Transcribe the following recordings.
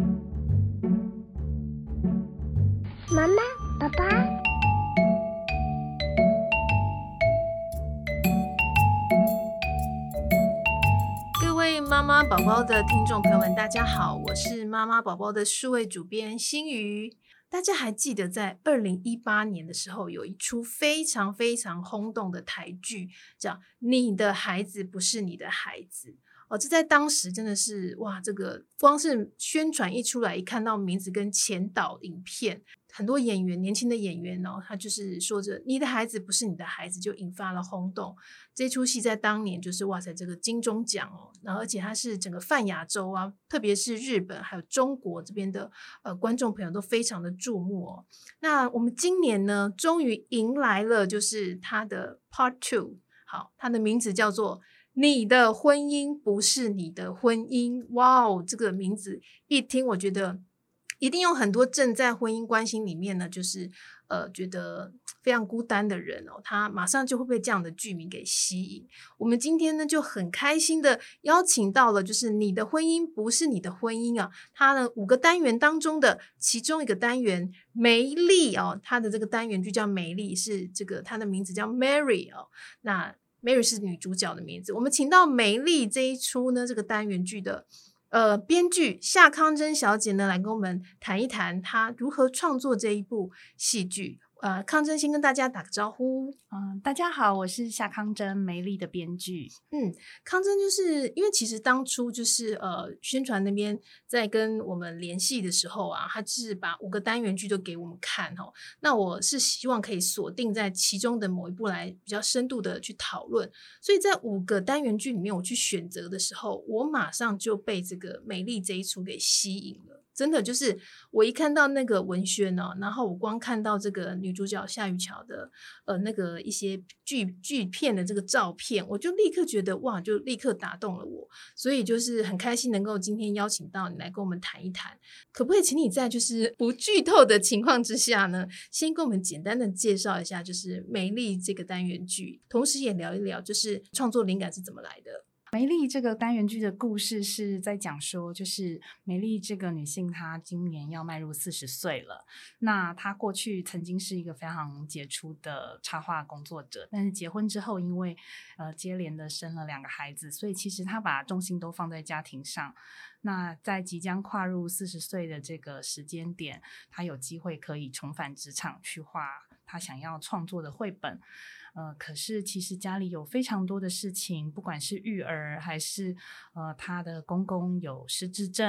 媽媽，爸爸，各位媽媽寶寶的聽眾朋友們，大家好，我是媽媽寶寶的數位主編心瑜。大家還記得在二零一八年的時候，有一出非常非常轟動的台劇，叫《你的孩子不是你的孩子》。哦，這在當時真的是哇！這個光是宣傳一出來，一看到名字跟前導影片，很多演員，年輕的演員，哦，呢他就是說着“你的孩子不是你的孩子”，就引發了轟動。這出戲在當年就是哇塞，這個金鐘獎哦，然後而且它是整個泛亞洲啊，特別是日本還有中國這邊的呃觀眾朋友都非常的注目哦。那我們今年呢，終於迎來了就是它的 Part Two，好，它的名字叫做。你的婚姻不是你的婚姻，哇哦！這個名字一聽，我覺得一定有很多正在婚姻關係裡面呢，就是呃，覺得非常孤單的人哦，他馬上就會被這樣的劇名給吸引。我們今天呢，就很開心的邀請到了，就是你的婚姻不是你的婚姻啊，他的五個單元當中的其中一個單元，梅麗哦，他的這個單元就叫梅麗，是這個他的名字叫 Mary 哦，那。Mary 是女主角的名字。我們請到《美麗》這一出呢，這個單元劇的呃編劇夏康真小姐呢，來跟我們談一談她如何創作這一部戲劇。呃，康真先跟大家打個招呼，嗯，大家好，我是夏康真，《美麗》的編劇。嗯，康真就是因為其實當初就是呃，宣傳那邊在跟我們聯繫的時候啊，他是把五個單元劇都給我們看哈、哦。那我是希望可以鎖定在其中的某一部來比較深度的去討論，所以在五個單元劇裡面我去選擇的時候，我馬上就被這個《美麗》這一出給吸引了。真的就是，我一看到那個文宣哦、喔，然後我光看到這個女主角夏於喬的呃那個一些劇劇片的這個照片，我就立刻覺得哇，就立刻打動了我。所以就是很開心能夠今天邀請到你來跟我們談一談，可不可以請你在就是不劇透的情況之下呢，先跟我們簡單的介紹一下就是《美麗》這個單元劇，同時也聊一聊就是創作靈感是怎麼來的？梅麗這個單元劇的故事是在講說，就是梅麗這個女性，她今年要邁入四十歲了。那她過去曾經是一個非常傑出的插畫工作者，但是結婚之後，因為呃接連的生了兩個孩子，所以其實她把重心都放在家庭上。那在即將跨入四十歲的這個時間點，她有機會可以重返職場，去畫她想要創作的繪本。呃，可是其實家裡有非常多的事情，不管是育兒，還是呃她的公公有失智症，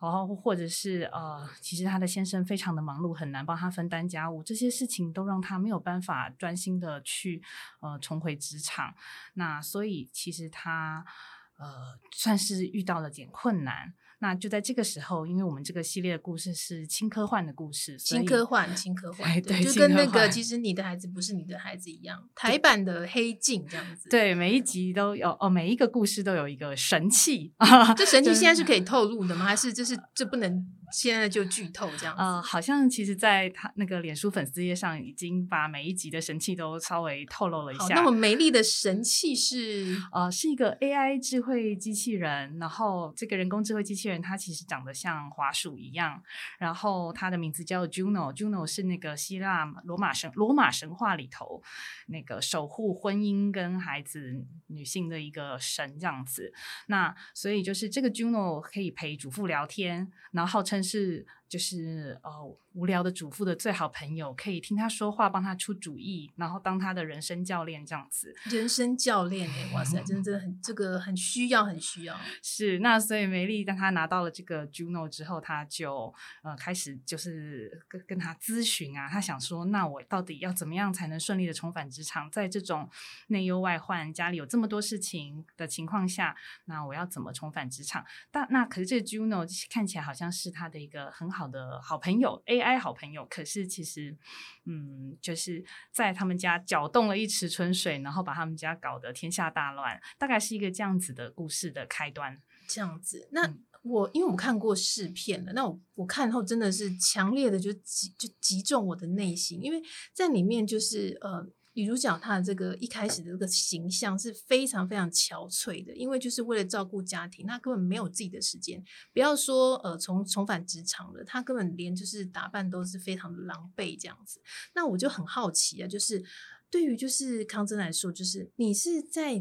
然後或者是呃，其實她的先生非常的忙碌，很難幫她分擔家務，這些事情都讓她沒有辦法專心的去呃重回職場。那所以其實她呃算是遇到了點困難。那就在這個時候，因為我們這個系列的故事是輕科幻的故事，輕科幻、輕科幻，對對對就跟那個其實你的孩子不是你的孩子一樣，台版的《黑鏡》這樣子。對，每一集都有對哦，每一個故事都有一個神器。 這神器現在是可以透露的嗎？還是就是就不能？現在就劇透這樣子。呃，好像其實在他那個臉書粉絲頁上已經把每一集的神器都稍微透露了一下。好，那麼美麗的神器是呃是一個 AI 智慧機器人，然後這個人工智慧機器人它其實長得像滑鼠一樣，然後它的名字叫 Juno，Juno 是那個希臘羅馬神羅馬神話裡頭那個守護婚姻跟孩子女性的一個神這樣子。那所以就是這個 Juno 可以陪主婦聊天，然後號稱。但是。就是呃、哦、無聊的主婦的最好朋友，可以聽他說話，幫他出主意，然後當他的人生教練這樣子。人生教練、欸，哇塞，真、嗯、真的很這個很需要，很需要。是，那所以梅麗，當他拿到了這個 Juno 之後，他就呃開始就是跟跟他諮詢啊，他想說，那我到底要怎麼樣才能順利的重返職場？在這種內憂外患、家裡有這麼多事情的情況下，那我要怎麼重返職場？但那、那可是這個 Juno 看起來好像是他的一個很好。好的好朋友 AI 好朋友，可是其實，嗯，就是在他們家攪動了一池春水，然後把他們家搞得天下大亂，大概是一個這樣子的故事的開端。這樣子，那我、嗯、因為我們看過試片了，那我我看後真的是強烈的就擊就擊中我的內心，因為在裡面就是呃。女主角她的這個一開始的這個形象是非常非常憔悴的，因為就是為了照顧家庭，她根本沒有自己的時間，不要說呃重重返職場了，她根本連就是打扮都是非常的狼狽這樣子。那我就很好奇啊，就是。.對於就是康真來說，就是你是在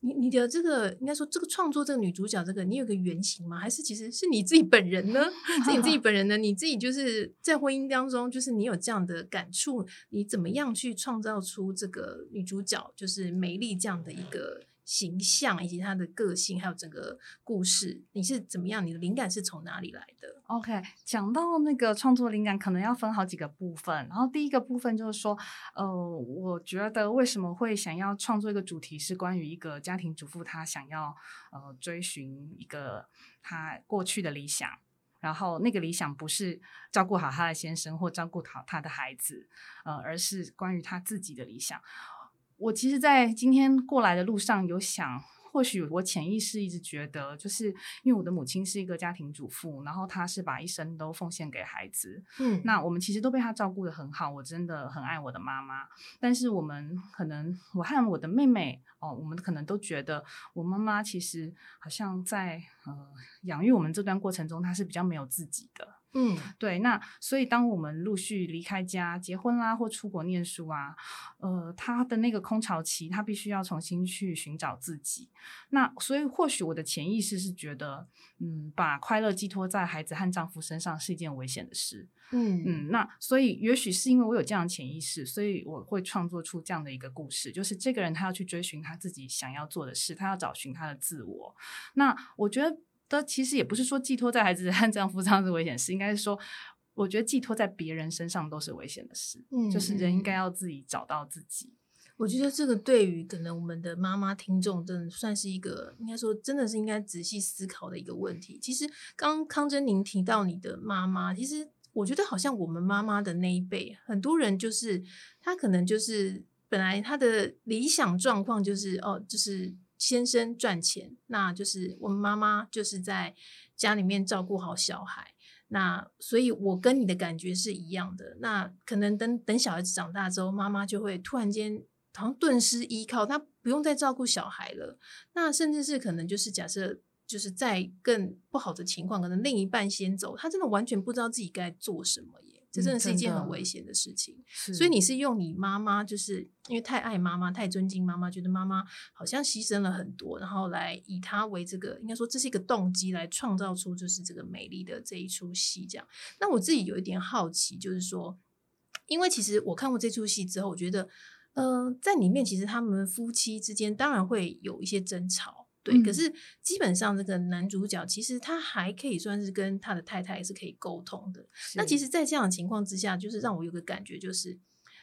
你你的這個應該說這個創作這個女主角這個，你有個原型嗎？還是其實是你自己本人呢？是你 自，自己本人呢？你自己就是在婚姻當中，就是你有這樣的感觸，你怎麼樣去創造出這個女主角，就是美麗這樣的一個。形象以及他的個性，還有整個故事，你是怎麼樣？你的靈感是從哪裡來的？OK，講到那個創作靈感，可能要分好幾個部分。然後第一個部分就是說，呃，我覺得為什麼會想要創作一個主題是關於一個家庭主婦，她想要呃追尋一個她過去的理想，然後那個理想不是照顧好她的先生或照顧好她的孩子，呃，而是關於她自己的理想。我其實，在今天過來的路上有想，或許我潛意識一直覺得，就是因為我的母親是一個家庭主婦，然後她是把一生都奉獻給孩子，嗯，那我們其實都被她照顧得很好，我真的很愛我的媽媽，但是我們可能，我和我的妹妹，哦，我們可能都覺得，我媽媽其實好像在呃養育我們這段過程中，她是比較沒有自己的。嗯，對，那所以當我們陸續離開家、結婚啦，或出國念書啊，呃，他的那個空巢期，他必須要重新去尋找自己。那所以或許我的潛意識是覺得，嗯，把快樂寄託在孩子和丈夫身上是一件危險的事。嗯嗯，那所以也許是因為我有這樣的潛意識，所以我會創作出這樣的一個故事，就是這個人他要去追尋他自己想要做的事，他要找尋他的自我。那我覺得。但其實也不是說寄托在孩子身上、丈夫身上是危險的事，應該是說，我覺得寄托在別人身上都是危險的事。嗯，就是人應該要自己找到自己。我覺得這個對於可能我們的媽媽聽眾，真的算是一個應該說真的是應該仔細思考的一個問題。其實剛剛康真妳提到你的媽媽，其實我覺得好像我們媽媽的那一輩，很多人就是他可能就是本來他的理想狀況就是哦，就是。先生賺錢，那就是我們媽媽就是在家裡面照顧好小孩。那所以我跟你的感覺是一樣的。那可能等等小孩子長大之後，媽媽就會突然間好像頓失依靠，她不用再照顧小孩了。那甚至是可能就是假設就是在更不好的情況，可能另一半先走，她真的完全不知道自己該做什麼。這真的是一件很危險的事情，嗯、所以你是用你媽媽，就是因為太愛媽媽、太尊敬媽媽，覺得媽媽好像犧牲了很多，然後來以她為這個，應該說這是一個動機來創造出就是這個美麗的這一出戲。這樣，那我自己有一點好奇，就是說，因為其實我看過這出戲之後，我覺得，嗯、呃，在裡面其實他們夫妻之間當然會有一些爭吵。對，嗯、可是基本上這個男主角其實他還可以算是跟他的太太是可以溝通的。是那其實，在這樣的情況之下，就是讓我有個感覺，就是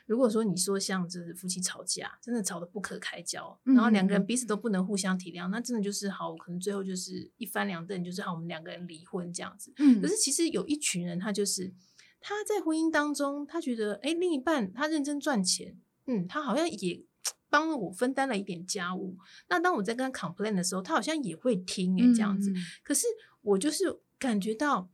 如果說你說像就是夫妻吵架，真的吵得不可開交，嗯、然後兩個人彼此都不能互相體諒，嗯、那真的就是好，我可能最後就是一翻兩瞪就是好，我們兩個人離婚這樣子。嗯、可是其實有一群人，他就是他在婚姻當中，他覺得哎，另一半他認真賺錢，嗯，他好像也。當我分擔了一點家務。那當我在跟他 complain 的時候，他好像也會聽、欸、這樣子。嗯嗯，可是我就是感覺到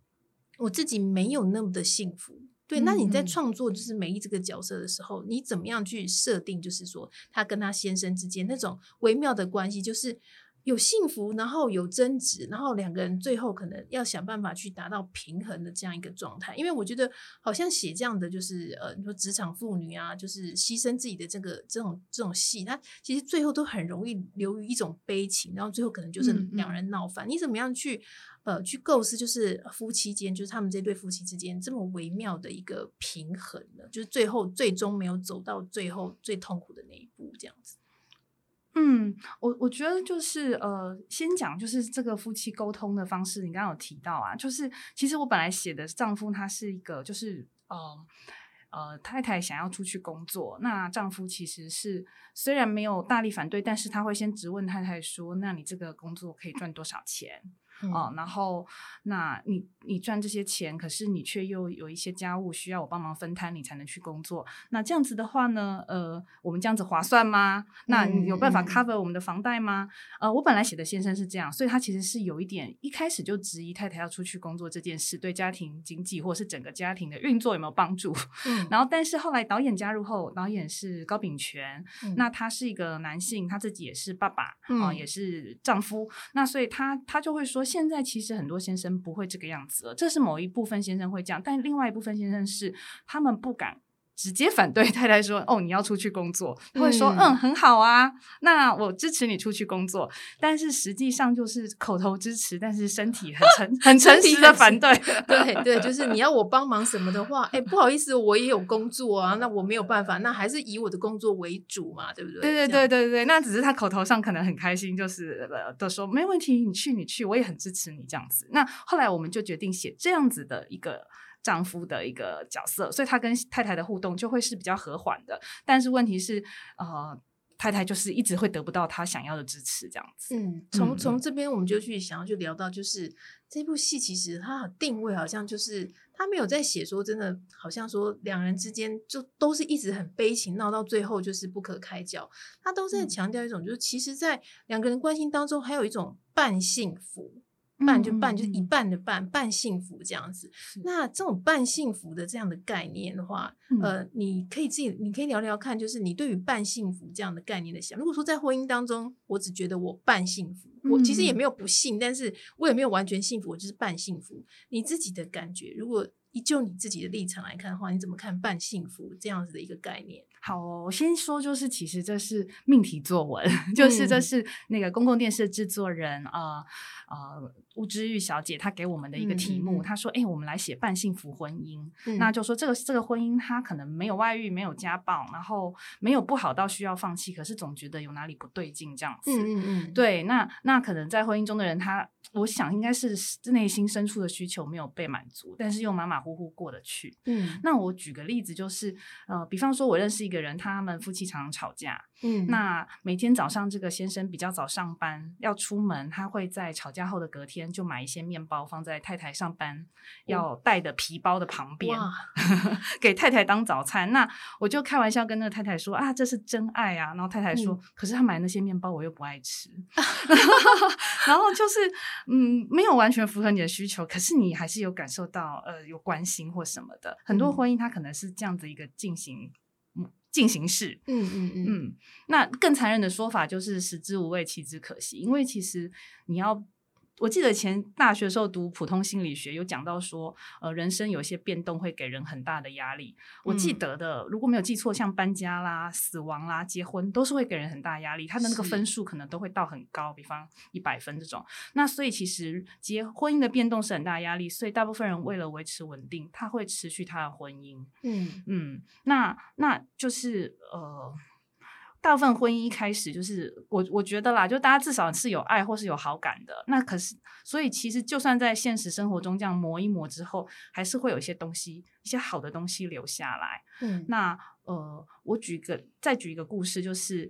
我自己沒有那麼的幸福。對，嗯嗯，那你在創作就是美麗這個角色的時候，你怎麼樣去設定？就是說，他跟他先生之間那種微妙的關係，就是。有幸福，然後有爭執，然後兩個人最後可能要想辦法去達到平衡的這樣一個狀態。因為我覺得好像寫這樣的就是呃，你說職場婦女啊，就是犧牲自己的這個這種這種戲，它其實最後都很容易流於一種悲情，然後最後可能就是兩人鬧翻。嗯，你怎麼樣去呃去構思，就是夫妻間，就是他們這對夫妻之間這麼微妙的一個平衡呢？就是最後最終沒有走到最後最痛苦的那一步，這樣子。嗯，我我覺得就是呃，先講就是這個夫妻溝通的方式，你剛剛有提到啊，就是其實我本來寫的丈夫他是一個就是呃呃，太太想要出去工作，那丈夫其實是雖然沒有大力反對，但是他會先質問太太說，那你這個工作可以賺多少錢？嗯、哦，然後那你你賺這些錢，可是你卻又有一些家務需要我幫忙分攤，你才能去工作。那這樣子的話呢，呃，我們這樣子划算嗎？那你有辦法 cover 我們的房貸嗎？嗯嗯、呃，我本來寫的先生是這樣，所以他其實是有一點一開始就質疑太太要出去工作這件事對家庭經濟或是整個家庭的運作有沒有幫助。嗯。然後，但是後來導演加入後，導演是高炳權，嗯、那他是一個男性，他自己也是爸爸，啊、哦、嗯、也是丈夫。那所以他他就會說。現在其實很多先生不會這個樣子了，這是某一部分先生會這樣，但另外一部分先生是他們不敢直接反對太太說：“哦，你要出去工作。嗯，”他會說：“嗯，很好啊，那我支持你出去工作。”但是實際上就是口頭支持，但是身體很誠、啊、很誠實的反對。身體身體對對，就是你要我幫忙什麼的話，哎、欸，不好意思，我也有工作啊，那我沒有辦法，那還是以我的工作為主嘛，對不對？對對對對對，這樣，那只是他口頭上可能很開心，就是都說沒問題，你去你去，我也很支持你這樣子。那後來我們就決定寫這樣子的一個。丈夫的一個角色，所以他跟太太的互動就會是比較和緩的。但是問題是，呃，太太就是一直會得不到他想要的支持，這樣子。嗯，從從這邊我們就去想要去聊到，就是、嗯、這部戲其實它定位好像就是他沒有在寫說真的，好像說兩人之間就都是一直很悲情，鬧到最後就是不可開交。他都在強調一種，嗯、就是其實在兩個人關係當中，還有一種半幸福。半就半，就是一半的半，嗯、半幸福這樣子。是那這種半幸福的這樣的概念的話，嗯、呃，你可以自己，你可以聊聊看，就是你對於半幸福這樣的概念的想法。如果說在婚姻當中，我只覺得我半幸福，我其實也沒有不幸，嗯、但是我也沒有完全幸福，我就是半幸福。你自己的感覺，如果。以就你自己的立場來看的話，你怎麼看“半幸福”這樣子的一個概念？好、哦，我先說，就是其實這是命題作文，嗯、 就是這是那個公共電視制作人啊啊巫知諭小姐她給我們的一個題目。嗯嗯、她說：“哎、欸，我們來寫‘半幸福婚姻’，嗯、那就說這個這個婚姻，她可能沒有外遇，沒有家暴，然後沒有不好到需要放棄，可是總覺得有哪裡不對勁這樣子。嗯嗯，嗯對。那那可能在婚姻中的人她，他我想應該是內心深處的需求沒有被滿足，但是又媽媽。呼呼過得去，嗯，那我舉個例子，就是呃，比方說，我認識一個人，他們夫妻常常吵架，嗯，那每天早上這個先生比較早上班要出門，他會在吵架後的隔天就買一些麵包放在太太上班要帶的皮包的旁邊，哦、 給太太當早餐。那我就開玩笑跟那個太太說啊，這是真愛啊，然後太太說，嗯、可是他買那些麵包我又不愛吃， 然後就是嗯，沒有完全符合你的需求，可是你還是有感受到呃有。關心或什麼的，很多婚姻它可能是這樣子一個進行，嗯，進行式，嗯嗯嗯，嗯那更殘忍的說法就是食之無味，棄之可惜，因為其實你要。我記得前大學的時候讀普通心理學，有講到說，呃，人生有一些變動會給人很大的壓力。嗯、我記得的，如果沒有記錯，像搬家啦、死亡啦、結婚，都是會給人很大壓力。他的那個分數可能都會到很高，是比方一百分這種。那所以其實結婚姻的變動是很大壓力，所以大部分人為了維持穩定，他會持續他的婚姻。嗯嗯，那那就是呃。大部分婚姻一開始就是我我覺得啦，就大家至少是有愛或是有好感的。那可是，所以其實就算在現實生活中這樣磨一磨之後，還是會有一些東西，一些好的東西留下來。嗯，那呃，我舉個再舉一個故事，就是。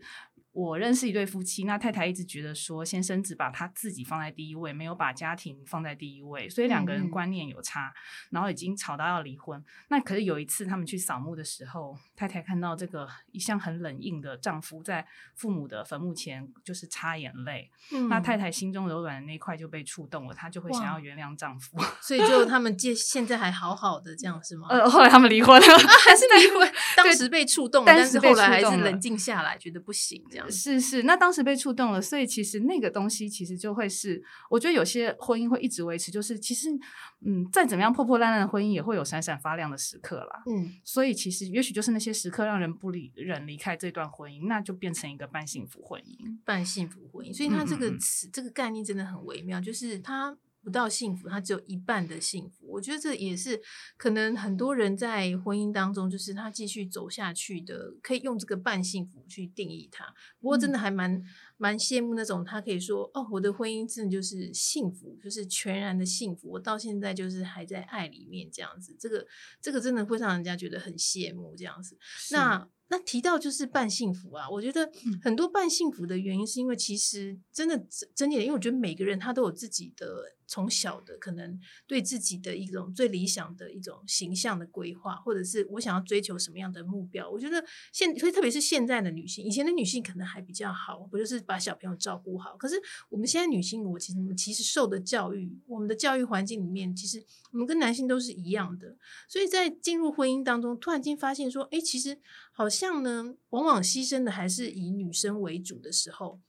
我認識一對夫妻，那太太一直覺得說先生只把她自己放在第一位，沒有把家庭放在第一位，所以兩個人觀念有差，然後已經吵到要離婚。那可是有一次他們去掃墓的時候，太太看到這個一向很冷硬的丈夫在父母的墳墓前就是擦眼淚，嗯、那太太心中柔軟的那一塊就被觸動了，她就會想要原諒丈夫，哇 所以就他們現現在還好好的這樣是嗎？呃，後來他們離婚了，啊、還是離婚？ 對當時被觸動了，對但是後來還是冷靜下來，覺得不行這樣。嗯、是是，那當時被觸動了，所以其實那個東西其實就會是，我覺得有些婚姻會一直維持，就是其實，嗯，再怎麼樣破破爛爛的婚姻也會有閃閃發亮的時刻啦。嗯，所以其實也許就是那些時刻讓人不離、人離開這段婚姻，那就變成一個半幸福婚姻，半幸福婚姻，所以它這個詞、嗯嗯、這個概念真的很微妙，就是它。不到幸福，他只有一半的幸福。我覺得這也是可能很多人在婚姻當中，就是他繼續走下去的，可以用這個半幸福去定義他。不過，真的還蠻蠻羨慕那種他可以說：“哦，我的婚姻真的就是幸福，就是全然的幸福。”我到現在就是還在愛裡面這樣子。這個這個真的會讓人家覺得很羨慕這樣子。是那那提到就是半幸福啊，我覺得很多半幸福的原因是因為其實真的真的，嗯、因為我覺得每個人他都有自己的。從小的可能對自己的一種最理想的一種形象的規劃，或者是我想要追求什麼樣的目標？我覺得現，所以特別是現在的女性，以前的女性可能還比較好，不就是把小朋友照顧好。可是我們現在女性，我其實、嗯、其實受的教育，我們的教育環境裡面，其實我們跟男性都是一樣的。所以在進入婚姻當中，突然間發現說，誒，其實好像呢，往往犧牲的還是以女生為主的時候，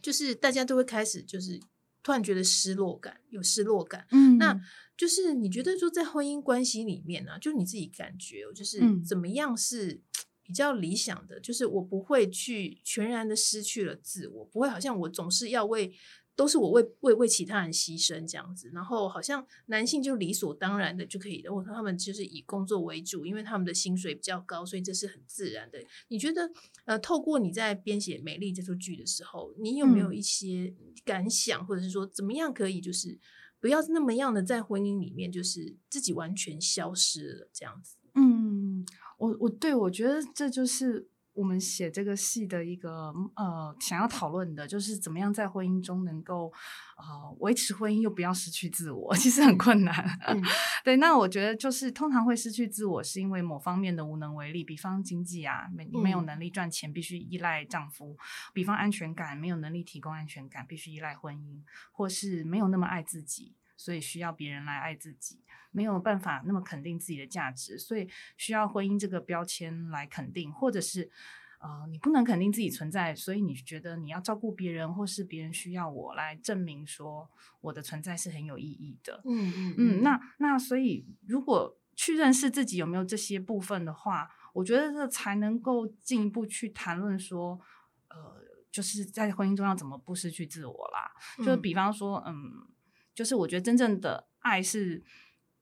就是大家都會開始就是。突然覺得失落感，有失落感。嗯，嗯，那就是你覺得說在婚姻關係裡面呢、啊，就你自己感覺、哦，就是怎麼樣是比較理想的？就是我不會去全然的失去了自我，不會好像我總是要為。都是我為為為其他人犧牲這樣子，然後好像男性就理所當然的就可以的，我說他們就是以工作為主，因為他們的薪水比較高，所以這是很自然的。你覺得，呃，透過你在編寫《美麗》這部劇的時候，你有沒有一些感想，或者是說怎麼樣可以就是不要那麼樣的在婚姻裡面就是自己完全消失了這樣子？嗯，我我對我覺得這就是。我們寫這個戲的一個呃，想要討論的就是怎麼樣在婚姻中能夠啊、呃、維持婚姻，又不要失去自我，其實很困難。嗯、 對，那我覺得就是通常會失去自我，是因為某方面的無能為力，比方經濟啊，沒沒有能力賺錢，必須依賴丈夫；嗯、比方安全感，沒有能力提供安全感，必須依賴婚姻，或是沒有那麼愛自己。所以需要別人來愛自己，沒有辦法那麼肯定自己的價值，所以需要婚姻這個標籤來肯定，或者是，呃，你不能肯定自己存在，所以你覺得你要照顧別人，或是別人需要我來證明說我的存在是很有意義的。嗯嗯嗯。嗯，那那所以如果去認識自己有沒有這些部分的話，我覺得這才能夠進一步去談論說，呃，就是在婚姻中要怎麼不失去自我啦。就是比方說，嗯。就是我覺得真正的愛是，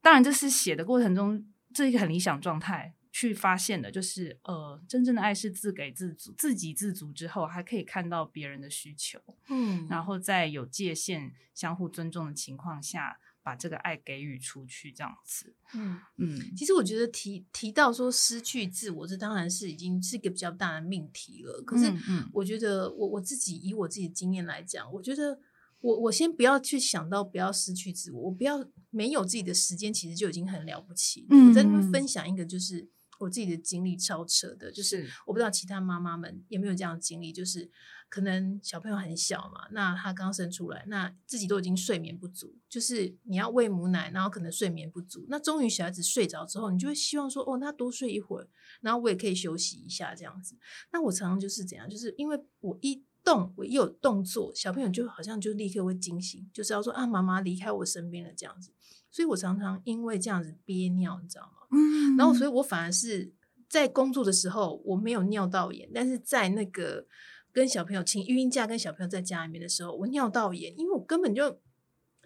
當然這是寫的過程中，這一個很理想狀態去發現的。就是呃，真正的愛是自給自足、自給自足之後，還可以看到別人的需求，嗯，然後在有界限、相互尊重的情況下，把這個愛給予出去，這樣子，嗯嗯。嗯其實我覺得提提到說失去自我，這當然是已經是一個比較大的命題了。可是，我覺得我、嗯嗯、我自己以我自己的經驗來講，我覺得。我我先不要去想到不要失去自我，我不要沒有自己的時間，其實就已經很了不起了。嗯，我在那邊分享一個，就是我自己的經歷超扯的，就是我不知道其他媽媽們有沒有這樣的經歷，嗯，就是可能小朋友很小嘛，那他剛生出來，那自己都已經睡眠不足，就是你要餵母奶，然後可能睡眠不足，那終於小孩子睡着之後，你就會希望說，哦，那多睡一會兒，然後我也可以休息一下這樣子。那我常常就是這樣，就是因為我一。動，我一有動作，小朋友就好像就立刻會驚醒，就知道說啊，媽媽離開我身邊了這樣子。所以我常常因為這樣子憋尿，你知道嗎？嗯。然後所以我反而是在工作的時候，我沒有尿道炎，但是在那個跟小朋友請育嬰假、跟小朋友在家裡面的時候，我尿道炎，因為我根本就。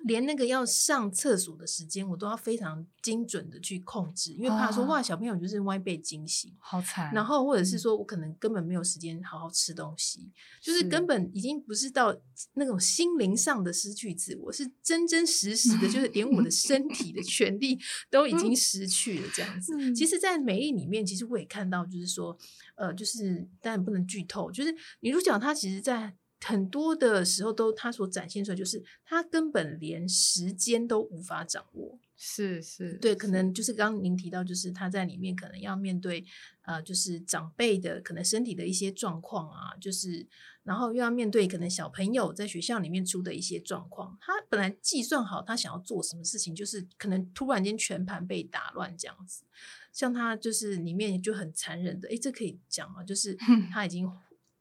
連那個要上廁所的時間，我都要非常精準的去控制，因為怕說哇，小朋友就是萬一被驚醒，好慘。然後或者是說我可能根本沒有時間好好吃東西，是就是根本已經不是到那種心靈上的失去自我，是真真實實的， 就是連我的身體的權利都已經失去了這樣子。 嗯，其實，在美麗裡面，其實我也看到，就是說，呃，就是但不能劇透，就是女主角她其實，在。很多的時候，都他所展現出來，就是他根本連時間都無法掌握。是是，是對，可能就是剛剛您提到，就是他在裡面可能要面對，呃，就是長輩的可能身體的一些狀況啊，就是然後又要面對可能小朋友在學校裡面出的一些狀況。他本來計算好他想要做什麼事情，就是可能突然間全盤被打亂這樣子。像他就是裡面就很殘忍的，哎，這可以講嗎，就是他已經。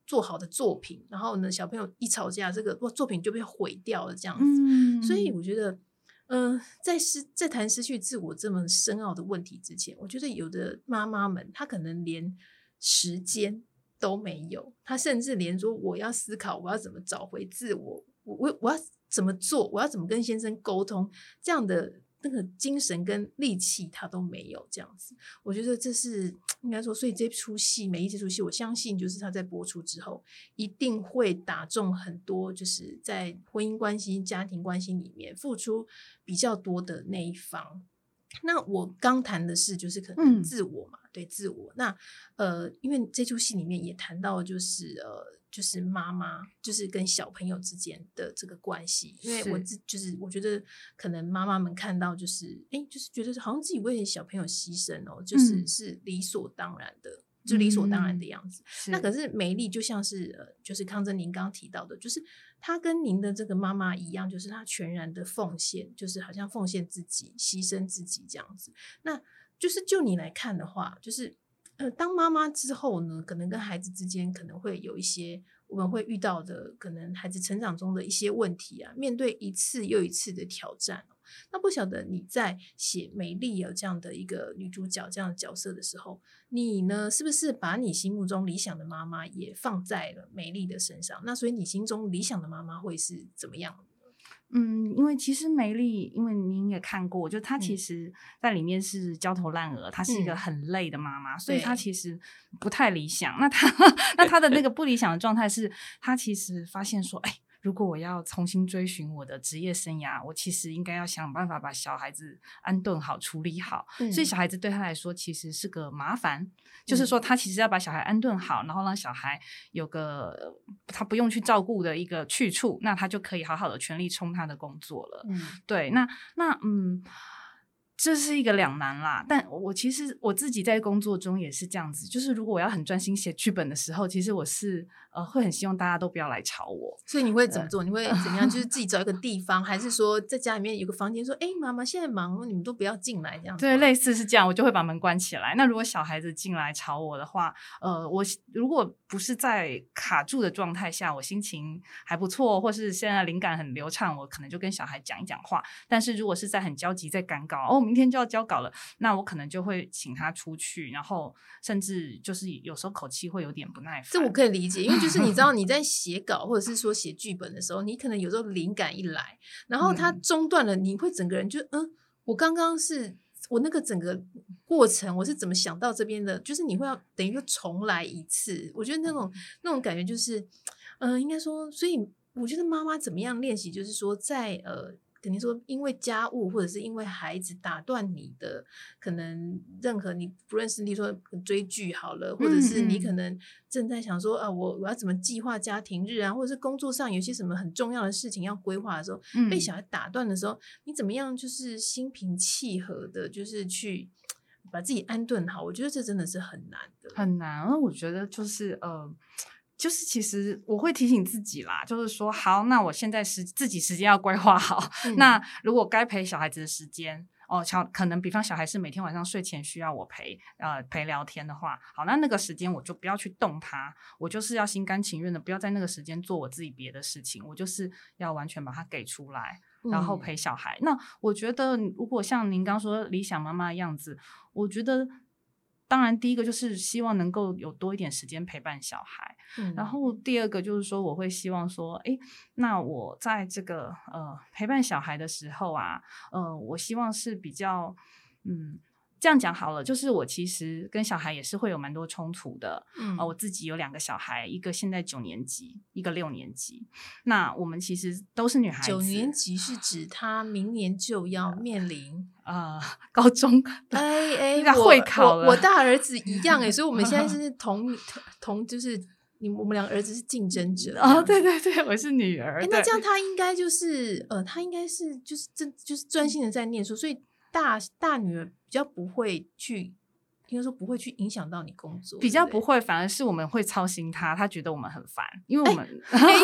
做好的作品，然後呢，小朋友一吵架，這個哇，作品就被毀掉了，這樣子。嗯、所以我覺得，嗯、呃，在失在談失去自我這麼深奧的問題之前，我覺得有的媽媽們，她可能連時間都沒有，她甚至連說我要思考，我要怎麼找回自我，我我我要怎麼做，我要怎麼跟先生溝通這樣的。個精神跟力氣他都沒有這樣子，我覺得這是應該說，所以這出戲每一出戲，我相信就是他在播出之後一定會打中很多，就是在婚姻關係、家庭關係裡面付出比較多的那一方。那我剛談的是就是可能自我嘛，對自我。那呃，因為這出戲裡面也談到就是呃。就是媽媽，就是跟小朋友之間的這個關係，因為我自就是我覺得，可能媽媽們看到就是，哎、欸，就是覺得好像自己為小朋友犧牲哦、喔，就是是理所當然的，嗯、就理所當然的樣子。嗯、那可是美麗就像是，呃，就是康真您剛剛提到的，就是她跟您的這個媽媽一樣，就是她全然的奉獻，就是好像奉獻自己、犧牲自己這樣子。那就是就你來看的話，就是。呃，當媽媽之後呢，可能跟孩子之間可能會有一些我們會遇到的，可能孩子成長中的一些問題啊，面對一次又一次的挑戰。那不曉得你在寫美麗有、啊、這樣的一個女主角這樣的角色的時候，你呢是不是把你心目中理想的媽媽也放在了美麗的身上？那所以你心中理想的媽媽會是怎麼樣？嗯，因為其實梅麗，因為您也看過，就她其實在裡面是焦頭爛額，嗯、她是一個很累的媽媽，嗯、所以她其實不太理想。對那她 那她的那個不理想的狀態是， 她其實發現說，哎。如果我要重新追尋我的職業生涯，我其實應該要想辦法把小孩子安頓好、處理好。對所以小孩子對他來說其實是個麻煩，嗯、就是說他其實要把小孩安頓好，然後讓小孩有個他不用去照顧的一個去處，那他就可以好好的全力衝他的工作了。嗯、對，那那嗯。這是一個兩難啦，但我其實我自己在工作中也是這樣子，就是如果我要很專心寫劇本的時候，其實我是呃會很希望大家都不要來吵我。所以你會怎麼做？對你會怎麼樣？就是自己找一個地方，還是說在家裡面有個房間，說：“哎， 媽媽現在忙，你們都不要進來。”這樣。對，類似是這樣，我就會把門關起來。那如果小孩子進來吵我的話，呃，我如果不是在卡住的狀態下，我心情還不錯，或是現在靈感很流暢，我可能就跟小孩講一講話。但是如果是在很焦急在趕稿哦，明天就要交稿了，那我可能就會請他出去，然後甚至就是有時候口氣會有點不耐煩。這我可以理解，因為就是你知道你在寫稿或者是說寫劇本的時候， 你可能有時候靈感一來，然後他中斷了，你會整個人就嗯，我剛剛是我那個整個過程我是怎麼想到這邊的？就是你會要等於又重來一次。我覺得那種那種感覺就是，嗯、呃，應該說，所以我覺得媽媽怎麼樣練習，就是說在呃。肯定說，因為家務或者是因為孩子打斷你的，可能任何你不認識，你說追劇好了，或者是你可能正在想說，啊，我我要怎麼計劃家庭日啊，或者是工作上有些什麼很重要的事情要規劃的時候，被小孩打斷的時候，你怎麼樣就是心平氣和的，就是去把自己安頓好？我覺得這真的是很難的，很難啊。我覺得就是呃。就是其實我會提醒自己啦，就是說好，那我現在時自己時間要規劃好。嗯、那如果該陪小孩子的時間，哦，小可能比方小孩是每天晚上睡前需要我陪，呃，陪聊天的話，好，那那個時間我就不要去動它，我就是要心甘情願的，不要在那個時間做我自己別的事情，我就是要完全把它給出來，然後陪小孩。嗯、那我覺得，如果像您剛剛說理想媽媽的樣子，我覺得。當然，第一個就是希望能夠有多一點時間陪伴小孩，嗯、然後第二個就是說，我會希望說，哎，那我在這個呃陪伴小孩的時候啊，呃，我希望是比較，嗯。這樣講好了，就是我其實跟小孩也是會有蠻多衝突的。嗯，啊、哦，我自己有兩個小孩，一個現在九年級，一個六年級。那我們其實都是女孩子。九年級是指她明年就要面臨、啊啊、高中，哎哎，哎會考了我，我，我大兒子一樣，所以我們現在是同、嗯、同就是你我們兩個兒子是競爭者。哦，對對對，我是女兒。哎、對那這樣她應該就是呃，她應該是就是真、就是、就是專心的在念書，所以大大女兒。比較不會去。聽說不會去影響到你工作，比較不會，反而是我們會操心他，他覺得我們很煩，因為我們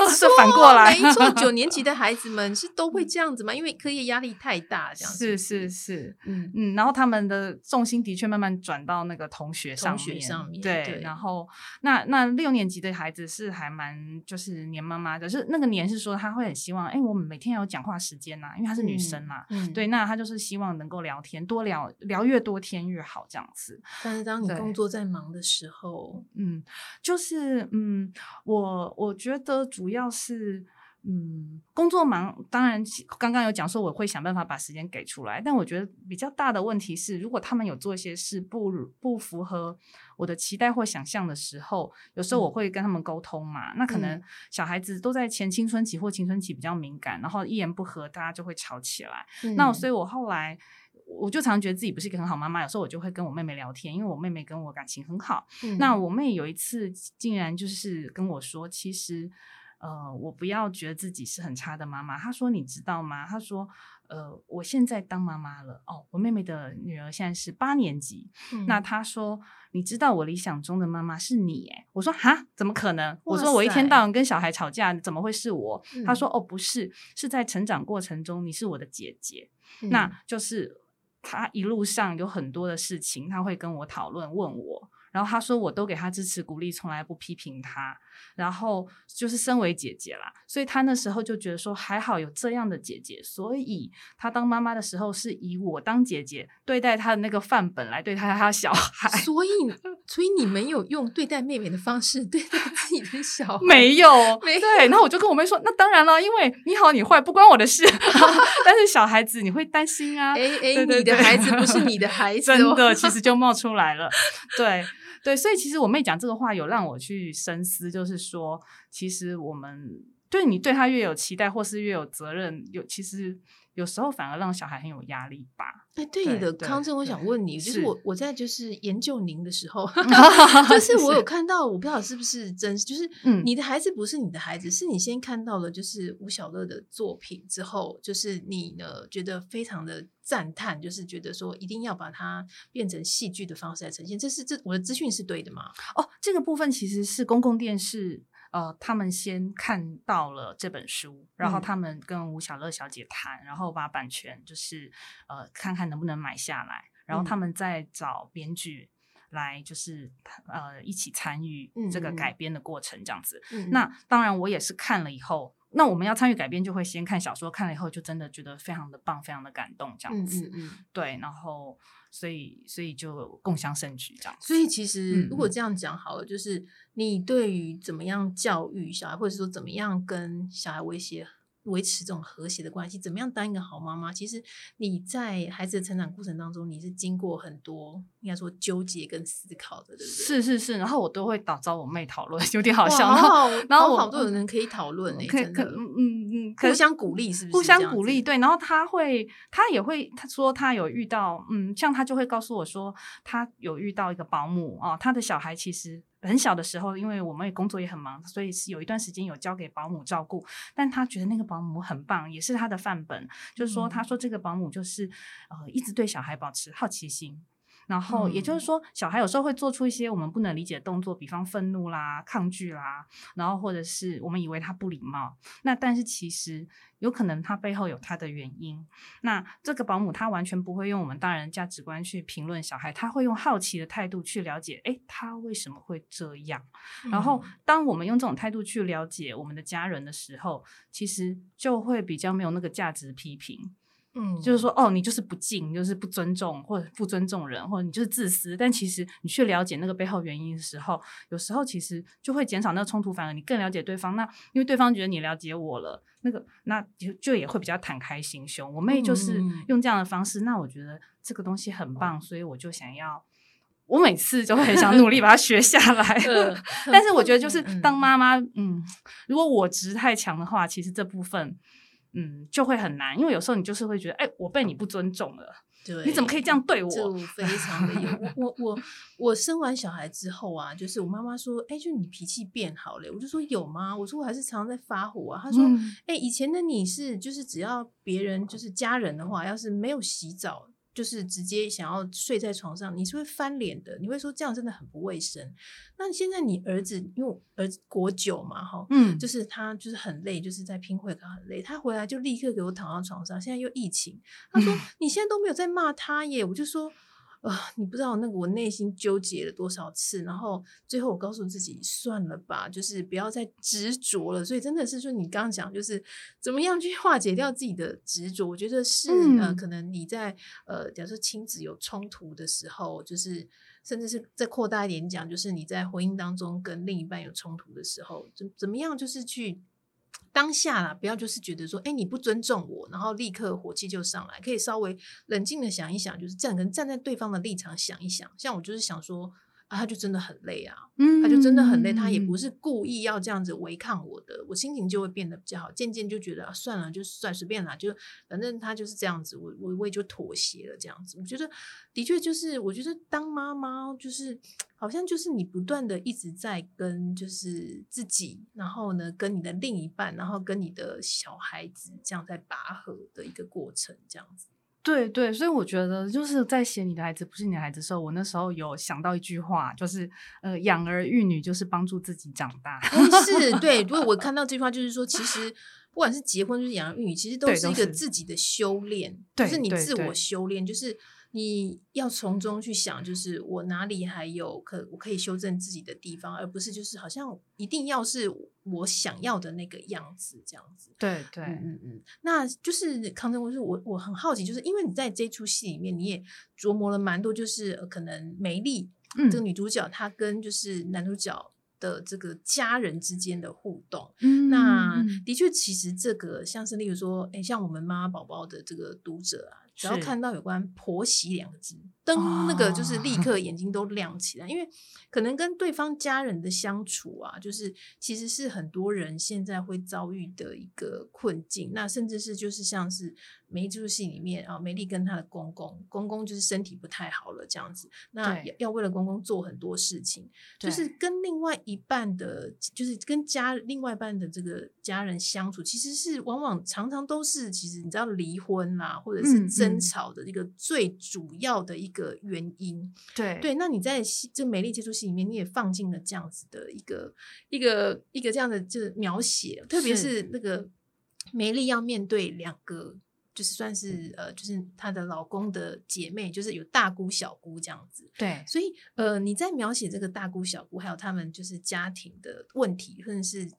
是反過來。沒錯，九年級的孩子們是都會這樣子嘛？因為課業壓力太大，這樣子。是是是，嗯嗯。然後他們的重心的確慢慢轉到那個同學上面。對，然後那那六年級的孩子是還蠻就是黏媽媽，就是那個黏是說他會很希望，哎，我們每天有講話時間吶，因為她是女生嘛，對，那她就是希望能夠聊天，多聊聊越多天越好，這樣子。但是當你工作在忙的時候，嗯，就是嗯，我我覺得主要是嗯，工作忙，當然剛剛有講說我會想辦法把時間給出來，但我覺得比較大的問題是，如果他們有做一些事不不符合我的期待或想象的時候，有時候我會跟他們溝通嘛，嗯、那可能小孩子都在前青春期或青春期比較敏感，嗯、然後一言不合大家就會吵起來，嗯、那所以我後來。我就常覺得自己不是一個很好媽媽，有時候我就會跟我妹妹聊天，因為我妹妹跟我感情很好。嗯、那我妹有一次竟然就是跟我說，其實呃，我不要覺得自己是很差的媽媽。她說你知道嗎？她說呃，我現在當媽媽了哦，我妹妹的女兒現在是八年級。嗯、那她說你知道我理想中的媽媽是你誒。我說哈，怎麼可能？哇塞。我說我一天到晚跟小孩吵架，怎麼會是我？嗯、她說哦，不是，是在成長過程中，你是我的姐姐，嗯、那就是。他一路上有很多的事情，他會跟我討論問我，然後他說我都給他支持鼓勵，從來不批評他。然後就是身為姐姐啦，所以她那時候就覺得說還好有這樣的姐姐，所以她當媽媽的時候是以我當姐姐對待她的那個範本來對待她的小孩，所以所以你沒有用對待妹妹的方式對待自己的小孩， 沒有，沒對。然後有我就跟我妹妹說，那當然了，因為你好你壞不關我的事， 但是小孩子你會擔心啊，哎哎，你的孩子不是你的孩子，哦， 真的，其實就冒出來了，對。對，所以其實我妹講這個話有讓我去深思，就是說，其實我們對你對他越有期待，或是越有責任，有其實。有時候反而讓小孩很有壓力吧。哎，對的，對，康真，對我想問你，對就是我我在就是研究您的時候，是 就是我有看到，我不知道是不是真，就是你的孩子不是你的孩子，嗯、是你先看到了就是吳曉樂的作品之後，就是你呢覺得非常的讚嘆，就是覺得說一定要把它變成戲劇的方式來呈現，這是這我的資訊是對的嗎？哦，這個部分其實是公共電視。呃，他們先看到了這本書，然後他們跟吳曉樂小姐談，嗯、然後把版權就是呃看看能不能買下來，然後他們再找編劇來就是呃一起參與這個改編的過程、嗯、這樣子。嗯、那當然我也是看了以後，那我們要參與改編就會先看小說，看了以後就真的覺得非常的棒，非常的感動這樣子。嗯嗯嗯、對，然後。所以，所以就共襄盛舉這樣。所以，其實如果這樣講好了，嗯、就是你對於怎麼樣教育小孩，或者說怎麼樣跟小孩威脅。維持這種和諧的關係，怎麼樣當一個好媽媽？其實你在孩子的成長過程當中，你是經過很多應該說糾結跟思考的，對不對？是是是，然後我都會找找我妹討論，有點好笑。哇然後然後好多人可以討論誒、欸嗯，可可嗯嗯，互相鼓勵是不是？互相鼓勵對。然後他會，他也會，他說他有遇到嗯，像他就會告訴我說，他有遇到一個保姆啊、哦，他的小孩其實。很小的時候，因為我們也工作也很忙，所以是有一段時間有交給保姆照顧。但他覺得那個保姆很棒，也是他的範本。就是說，他、嗯、說這個保姆就是，呃，一直對小孩保持好奇心。然後也就是說，小孩有時候會做出一些我們不能理解的動作，比方憤怒啦、抗拒啦，然後或者是我們以為他不禮貌，那但是其實有可能他背後有他的原因。那這個保姆她完全不會用我們大人價值觀去評論小孩，他會用好奇的態度去了解，哎，他為什麼會這樣？嗯、然後當我們用這種態度去了解我們的家人的時候，其實就會比較沒有那個價值批評。嗯，就是說，哦，你就是不敬，就是不尊重，或者不尊重人，或者你就是自私。但其實你去了解那個背後原因的時候，有時候其實就會減少那個衝突，反而你更了解對方。那因為對方覺得你了解我了，那個那就就也會比較坦開心胸。我妹就是用這樣的方式，嗯、那我覺得這個東西很棒，嗯、所以我就想要，我每次就會很想努力把它學下來。 嗯、但是我覺得，就是當媽媽，嗯，如果我執太強的話，其實這部分。嗯，就會很難，因為有時候你就是會覺得，哎、欸，我被你不尊重了，對，你怎麼可以這樣對我？就非常的有 我我我我生完小孩之後啊，就是我媽媽說，哎、欸，就你脾氣變好了，我就說有嗎？我說我還是常常在發火啊。她說，哎、嗯欸，以前的你是就是只要別人就是家人的話，要是沒有洗澡。就是直接想要睡在床上，你是會翻臉的，你會說這樣真的很不衛生。那現在你兒子因為我兒子國九嘛，哈，嗯，就是他就是很累，就是在拼會考很累，他回來就立刻給我躺到床上。現在又疫情，他說，嗯，你現在都沒有在罵他耶，我就說。啊、哦，你不知道那個我內心糾結了多少次，然後最後我告訴自己算了吧，就是不要再執着了。所以真的是說，你剛剛講就是怎麼樣去化解掉自己的執着我覺得是、嗯、呃，可能你在呃，假如說親子有衝突的時候，就是甚至是再擴大一點講，就是你在婚姻當中跟另一半有衝突的時候，怎怎麼樣就是去。當下啦，不要就是覺得說，哎、欸，你不尊重我，然後立刻火氣就上來，可以稍微冷靜的想一想，就是站跟站在對方的立場想一想。像我就是想說。啊，他就真的很累啊，嗯，他就真的很累，嗯，他也不是故意要這樣子違抗我的，嗯，我心情就會變得比較好，漸漸就覺得啊，算了，就算隨便啦，就反正他就是這樣子，我我我也就妥協了這樣子。我覺得的確就是，我覺得當媽媽就是好像就是你不斷的一直在跟就是自己，然後呢跟你的另一半，然後跟你的小孩子這樣在拔河的一個過程，這樣子。對對，所以我覺得就是在寫你的孩子不是你的孩子的時候，我那時候有想到一句話，就是呃，養兒育女就是幫助自己長大，不 是對。如果我看到這句話，就是說其實不管是結婚就是養兒育女，其實都是一個自己的修煉，就是，是你自我修煉，就是。你要從中去想，就是我哪裡還有可我可以修正自己的地方，而不是就是好像一定要是我想要的那個樣子這樣子。對對，嗯嗯嗯，那就是康真編劇，我我很好奇，就是因為你在這出戲裡面，你也琢磨了蠻多，就是、呃、可能梅麗、嗯、這個女主角她跟就是男主角的這個家人之間的互動。嗯，那嗯嗯的確，其實這個像是例如說，哎、欸，像我們媽媽寶寶的這個讀者啊。只要看到有關「婆媳」兩個字，燈那個就是立刻眼睛都亮起來，哦、因為可能跟對方家人的相處啊，就是其實是很多人現在會遭遇的一個困境，那甚至是就是像是。美麗這部戲裡面啊，美麗跟她的公公，公公就是身體不太好了，這樣子，那要為了公公做很多事情，對就是跟另外一半的，就是跟家另外一半的這個家人相處，其實是往往常常都是，其實你知道離婚啦、啊，或者是爭吵的一個最主要的一個原因。對對，那你在這美麗這部戲裡面，你也放進了這樣子的一個一個一個這樣的就是描寫，是特別是那個美麗要面對兩個。就是算是呃，就是她的老公的姐妹，就是有大姑小姑這樣子。對，所以呃，你在描寫這個大姑小姑，還有他們就是家庭的問題，或者是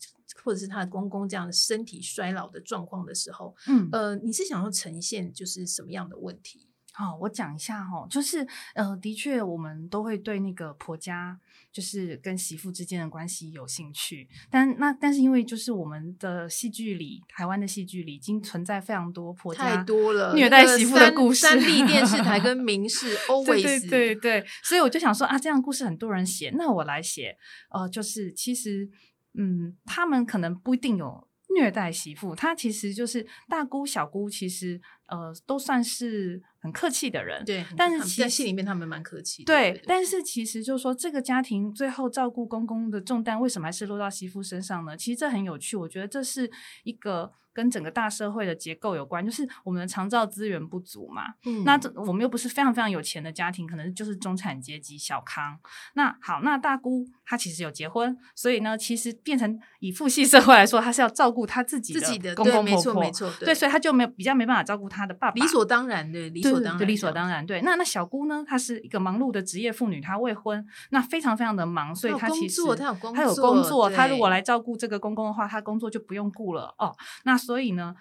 或者是她的公公這樣的身體衰老的狀況的時候，嗯呃，你是想要呈現就是什麼樣的問題？好，我講一下哦，就是呃，的確我們都會對那個婆家。就是跟媳婦之間的關係有興趣，但那但是因為就是我們的戲劇裡，台灣的戲劇裡已經存在非常多婆家太多了虐待，媳婦的故事，三， 三立電視台跟民視，Always 對對對，所以我就想說啊，這樣的故事很多人寫，那我來寫。呃，就是其實，嗯，他們可能不一定有虐待媳婦，他其實就是大姑小姑，其實。呃，都算是很客氣的人，對。但是其實，在戲裡面他們蠻客氣的，對。對，但是其實就是說、嗯、這個家庭最後照顧公公的重擔，為什麼還是落到媳婦身上呢？其實這很有趣，我覺得這是一個跟整個大社會的結構有關，就是我們的長照資源不足嘛。嗯，那這我們又不是非常非常有錢的家庭，可能就是中產階級小康。那好，那大姑她其實有結婚，所以呢，其實變成以父系社會來說，她是要照顧她自己的公公婆婆，自己的公公婆婆，沒錯，沒錯，對。對，所以她就沒有比較沒辦法照顧他。他的爸爸理所當然的，理所當然理所當然。對，那那小姑呢？她是一個忙碌的職業婦女，她未婚，那非常非常的忙，所以她其實她有工作，她有工作。她有工作，她如果來照顧這個公公的話，她工作就不用顧了哦。那所以呢，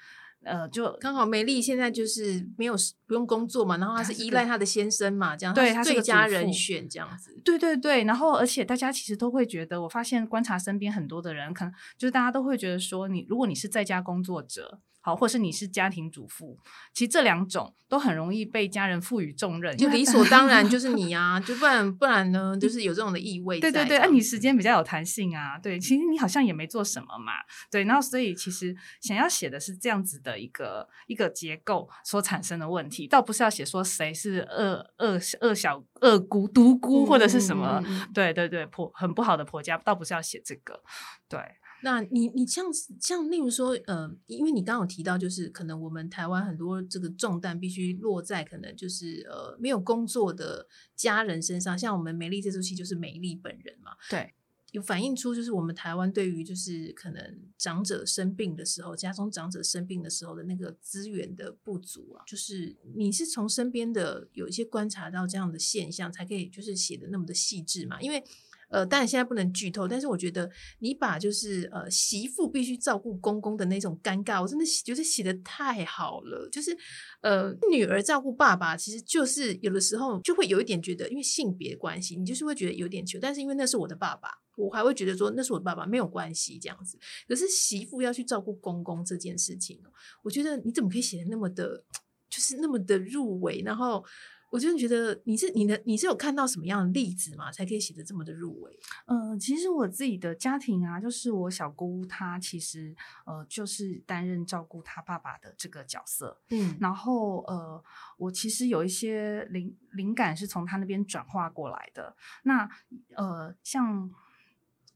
呃，就剛好美麗現在就是沒有、嗯、不用工作嘛，然後她是依賴她的先生嘛，這樣對她是最佳人選這樣子。對對對，然後而且大家其實都會覺得，我發現觀察身邊很多的人，可能就是大家都會覺得說，你如果你是在家工作者。好，或是你是家庭主婦，其實這兩種都很容易被家人賦予重任，就理所當然就是你啊， 就不然不然呢，就是有這種的意味。對對對，那、啊、你時間比較有彈性啊，對，其實你好像也沒做什麼嘛，對，然後所以其實想要寫的是這樣子的一個一個結構所產生的問題，倒不是要寫說誰是惡惡惡小惡姑獨孤，孤或者是什麼，嗯、對對對，婆很不好的婆家，倒不是要寫這個，對。那你你像像例如說，呃，因為你剛剛有提到，就是可能我們台灣很多這個重擔必須落在可能就是呃沒有工作的家人身上，像我們美麗這出戲就是美麗本人嘛，對，有反映出就是我們台灣對於就是可能長者生病的時候，家中長者生病的時候的那個資源的不足啊，就是你是從身邊的有一些觀察到這樣的現象，才可以就是寫的那麼的細緻嘛，因為。呃，當然現在不能劇透，但是我覺得你把就是呃媳婦必須照顧公公的那種尷尬，我真的覺得寫的太好了。就是呃女兒照顧爸爸，其實就是有的時候就會有一點覺得，因為性別關係，你就是會覺得有點糗。但是因為那是我的爸爸，我還會覺得說，那是我的爸爸沒有關係這樣子。可是媳婦要去照顧公公這件事情，我覺得你怎麼可以寫的那麼的，就是那麼的入微，然後。我就是覺得你是你的，你是有看到什麼樣的例子嘛，才可以寫得這麼的入圍？嗯、呃，其實我自己的家庭啊，就是我小姑她其實呃就是擔任照顧她爸爸的這個角色，嗯，然後呃我其實有一些靈靈感是從她那邊轉化過來的。那呃像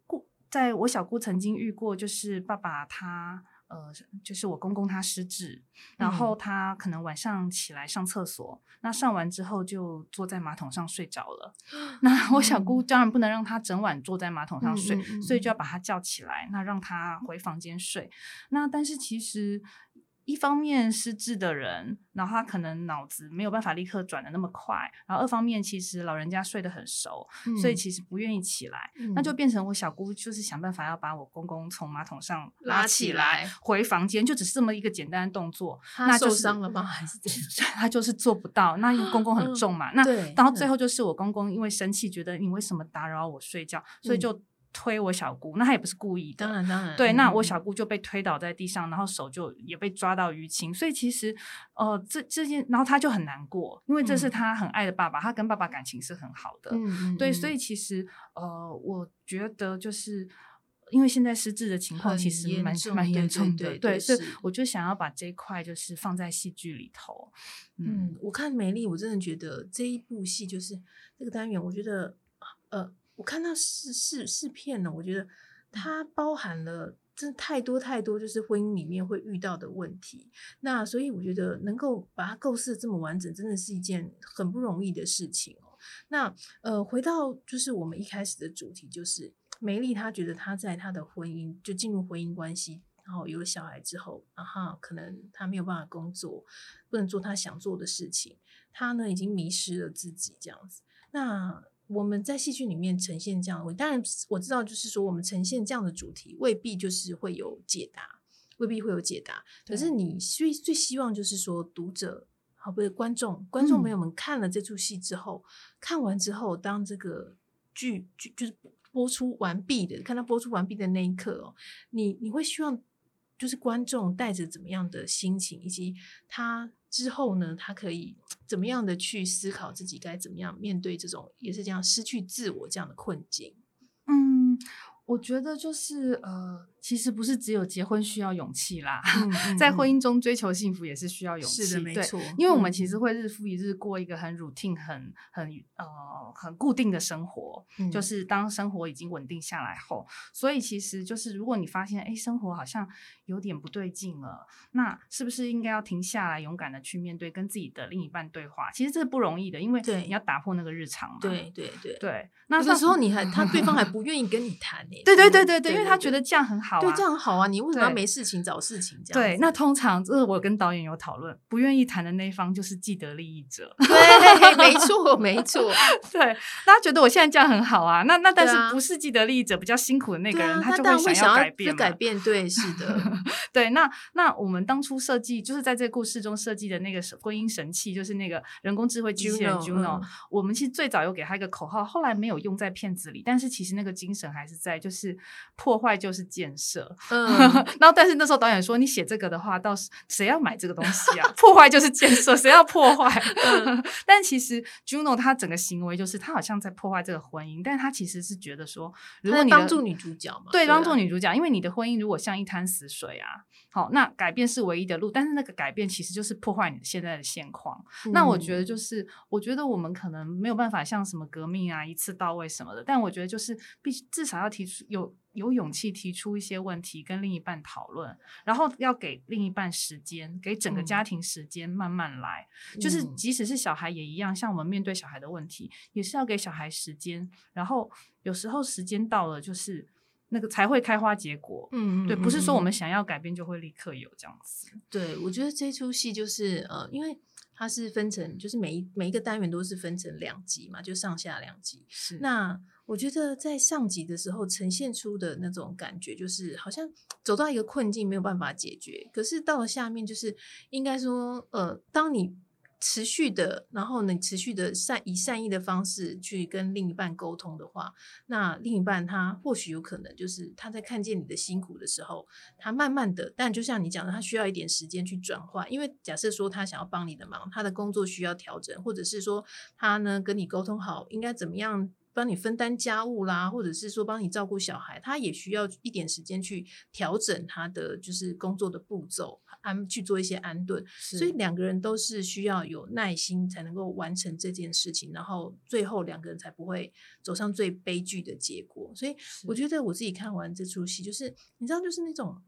姑，在我小姑曾經遇過就是爸爸他。呃，就是我公公他失智，然後他可能晚上起來上廁所，嗯、那上完之後就坐在馬桶上睡着了。那我小姑當然不能讓他整晚坐在馬桶上睡，嗯、所以就要把他叫起來，那讓他回房間睡。那但是其實。一方面失智的人，然後他可能腦子沒有辦法立刻轉得那麼快，然後二方面其實老人家睡得很熟，嗯、所以其實不願意起來，嗯、那就變成我小姑就是想辦法要把我公公從馬桶上拉起來,拉起來回房間，就只是這麼一個簡單的動作，那受傷了吧、就是嗯？還是怎樣？他 就是做不到，那因為公公很重嘛，啊、那到對最後就是我公公因為生氣，覺得你為什麼打擾我睡覺，嗯、所以就。推我小姑，那他也不是故意的當，當然當然，對，嗯、那我小姑就被推倒在地上，然後手就也被抓到淤青，所以其實，呃，這這件，然後他就很難過，因為這是他很愛的爸爸，他、嗯、跟爸爸感情是很好的，嗯、對，嗯、所以其實，呃，我覺得就是，因為現在失智的情況其實蠻嚴蠻嚴重的，對，對，對，對，對是所以我就想要把這一塊就是放在戲劇裡頭，嗯，嗯我看美麗，我真的覺得這一部戲就是這個單元，我覺得，呃。我看到試試試片呢。我覺得它包含了真太多太多，就是婚姻裡面會遇到的問題。那所以我覺得能夠把它構思這麼完整，真的是一件很不容易的事情哦。那呃，回到就是我們一開始的主題，就是美麗她覺得她在她的婚姻就進入婚姻關係，然後有了小孩之後，然後可能她沒有辦法工作，不能做她想做的事情，她呢已經迷失了自己這樣子。那。我們在戲劇裡面呈現這樣的，當然我知道，就是說我們呈現這樣的主題，未必就是會有解答，未必會有解答。對可是你最最希望，就是說讀者，好，不是觀眾，觀眾朋友們看了這出戲之後，嗯、看完之後，當這個劇劇就是播出完畢的，看它播出完畢的那一刻哦、喔，你你會希望就是觀眾帶着怎麼樣的心情，以及他。之後呢，他可以怎麼樣的去思考自己該怎麼樣面對這種也是這樣失去自我這樣的困境？嗯，我覺得就是呃。其實不是只有結婚需要勇氣啦，嗯嗯、在婚姻中追求幸福也是需要勇氣的，對沒錯錯。因為我們其實會日復一日過一個很 routine、嗯、很很呃很固定的生活，嗯、就是當生活已經穩定下來後，所以其實就是如果你發現哎生活好像有點不對勁了，那是不是應該要停下來，勇敢的去面對跟自己的另一半對話？其實這是不容易的，因為你要打破那個日常嘛。對對對對，那時候你還他對方還不願意跟你談誒。對對對對對，對對，因為他覺得這樣很好。對，這樣好啊！你為什麼要沒事情找事情？對這樣對，那通常就是、呃、我跟導演有討論，不願意談的那一方就是既得利益者。對， 沒錯，沒錯。對，大家覺得我現在這樣很好啊。那那但是不是既得利益者比較辛苦的那個人，啊、他就會想要改變，就改變。對，是的。 對，那那我們當初設計，就是在這個故事中設計的那個婚姻神器，就是那個人工智慧機器人 Juno。我們其實最早有給他一個口號，後來沒有用在片子裡，但是其實那個精神還是在，就是破壞就是建設。設，嗯， 然後但是那時候導演說，你寫這個的話，到時誰要買這個東西啊？破壞就是建設，誰要破壞？嗯， 但其實 Juno 他整個行為就是他好像在破壞這個婚姻，但他其實是覺得說，如果你幫助女主角嘛，對，幫助、啊、女主角，因為你的婚姻如果像一灘死水啊，好，那改變是唯一的路，但是那個改變其實就是破壞你現在的現況。那我覺得就是，我覺得我們可能沒有辦法像什麼革命啊，一次到位什麼的，但我覺得就是必須至少要提出有。有勇氣提出一些問題跟另一半討論，然後要給另一半時間，給整個家庭時間慢慢來。嗯，就是即使是小孩也一樣，像我們面對小孩的問題，也是要給小孩時間。然後有時候時間到了，就是那個才會開花結果。嗯，對，不是說我們想要改變就會立刻有這樣子。對，我覺得這出戲就是呃，因為它是分成，就是每一每一個單元都是分成兩集嘛，就上下兩集。是那。我覺得在上集的時候呈現出的那種感覺，就是好像走到一個困境，沒有辦法解決。可是到了下面，就是應該說，呃，當你持續的，然後呢，你持續的善以善意的方式去跟另一半溝通的話，那另一半他或許有可能，就是他在看見你的辛苦的時候，他慢慢的，但就像你講的，他需要一點時間去轉化。因為假設說他想要幫你的忙，他的工作需要調整，或者是說他呢跟你溝通好應該怎麼樣。幫你分擔家務啦，或者是說幫你照顧小孩，他也需要一點時間去調整他的就是工作的步驟，安去做一些安頓。是所以兩個人都是需要有耐心才能夠完成這件事情，然後最後兩個人才不會走上最悲劇的結果。所以我覺得我自己看完這齣戲，就是你知道，就是那種。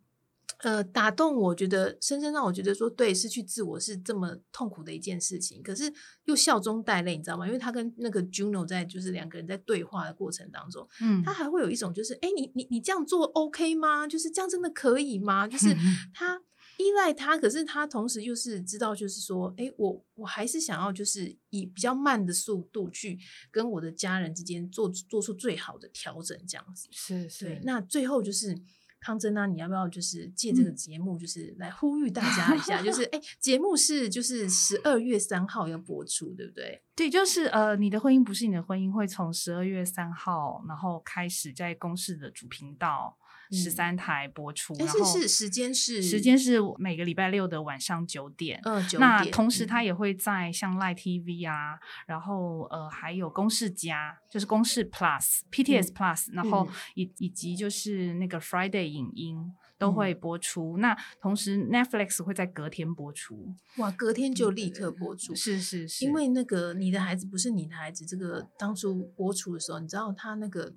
呃，打動我覺得深深讓我覺得說，對，失去自我是這麼痛苦的一件事情，可是又笑中帶淚，你知道嗎？因為他跟那個 Juno 在就是兩個人在對話的過程當中，嗯，他還會有一種就是，哎、欸，你你你這樣做 OK 嗎？就是這樣真的可以嗎？就是他依賴他，可是他同時又是知道，就是說，哎、欸，我我還是想要就是以比較慢的速度去跟我的家人之間做做出最好的調整，這樣子是是。那最後就是。康真那、啊、你要不要就是借這個節目，就是來呼籲大家一下？ 就是哎，欸、節目是就是十二月三號要播出，對不對？對，就是呃，你的婚姻不是你的婚姻，會從十二月三號然後開始在公視的主頻道。十三台播出，但是是時間是時間是每個禮拜六的晚上九點。那同時它也會在像 LiTV 啊，然後呃還有公視加，就是公視 Plus、PTS Plus，然後以以及就是那個 Friday 影音都會播出。那同時 Netflix 會在隔天播出。哇，隔天就立刻播出？是是是，因為那個你的孩子不是你的孩子，這個當初播出的時候，你知道他那個。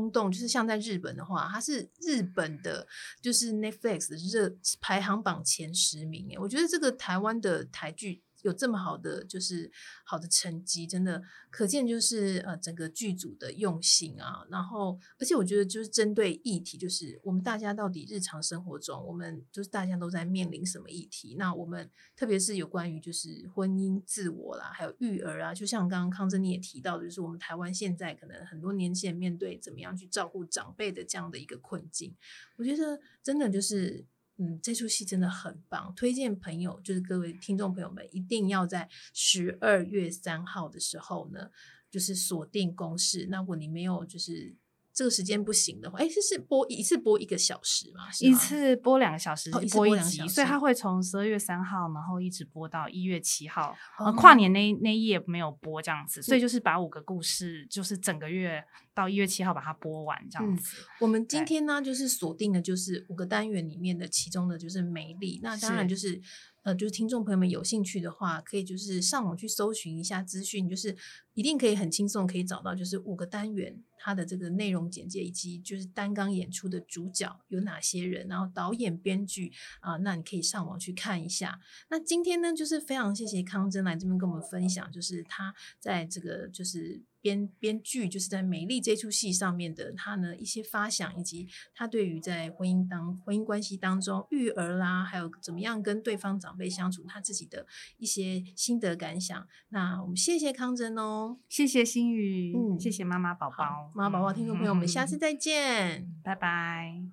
轟動，就是像在日本的話，它是日本的，就是 Netflix 熱排行榜前十名。哎，我覺得這個台灣的台劇。有這麼好的就是好的成績，真的可見就是呃整個劇組的用心啊。然後，而且我覺得就是針對議題，就是我們大家到底日常生活中，我們就是大家都在面臨什麼議題？那我們特別是有關於就是婚姻、自我啦，還有育兒啊。就像剛剛康真你也提到的，就是我們台灣現在可能很多年輕人面對怎麼樣去照顧長輩的這樣的一個困境。我覺得真的就是。嗯，這出戲真的很棒，推薦朋友，就是各位聽眾朋友們，一定要在十二月三號的時候呢，就是鎖定公視。那如果你沒有，就是。這個時間不行的話，哎，這是播一次播一個小時嘛、哦，一次播兩個小時，一次播兩集，所以他會從十二月三號，然後一直播到一月七號，哦、跨年那那一夜沒有播這樣子，所以就是把五個故事，就是整個月到一月七號把它播完這樣子。嗯、對我們今天呢，就是鎖定的就是五個單元裡面的其中的，就是美麗。那當然就是,是呃，就是聽眾朋友們有興趣的話，可以就是上網去搜尋一下資訊，就是一定可以很輕鬆可以找到，就是五個單元。他的這個內容簡介以及就是擔綱演出的主角有哪些人，然後導演、編劇啊，那你可以上網去看一下。那今天呢，就是非常謝謝康真來這邊跟我們分享，就是他在這個就是。編編劇就是在《美麗》這出戲上面的他呢，一些發想，以及他對於在婚姻當婚姻關係當中育兒啦，還有怎麼樣跟對方長輩相處，他自己的一些心得感想。那我們謝謝康真哦，謝謝心瑜，嗯，謝謝媽媽寶寶，媽媽寶寶聽眾朋友，我們下次再見，嗯、拜拜。